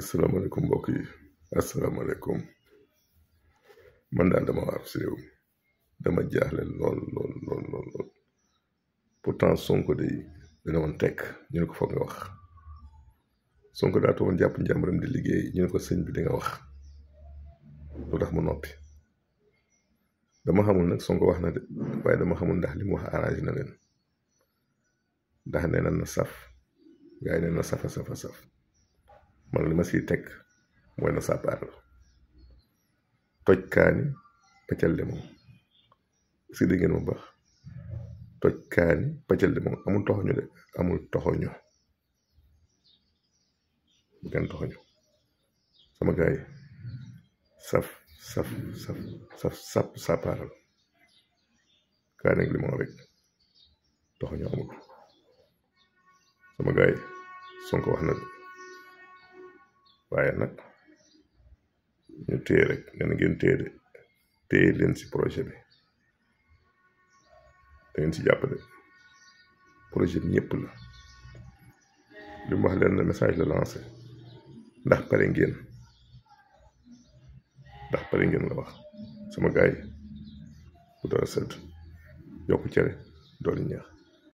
asalaamaaleykum mbokk yi asalaamaaleykum man daal dama waar si réew mi dama jaaxle lool lool lool lool lool pourtant Sonko de dana woon tekk ñu ko foog nga wax Sonko daa toogoon jàpp njàmbaram di liggéey ñu ne ko sëñ bi di nga wax lu tax mu noppi dama xamul nag Sonko wax na de waaye dama xamul ndax li mu wax arrangé na leen ndax nee na saf gars yi nee safa safa saf man li ma siy teg mooy na sàppaar la toj kaani paccal limon si di ngeen mu baax toj kaani paccal limon amul toxoñu de amul toxoñu bu kenn toxoñu sama gars yi saf saf saf saf sàpp sàppaar la kaani ak rek toxoñu amul sama gars Sonko wax na waaye nag ñu téye rek ngeen ngeen téye de téye leen si projet bi da ngeen si jàpp de projet bi la li wax leen message la lancé ndax pare ngeen ndax pare ngeen la wax sama gars yi bu dara sedd yokku cere dooli ñeex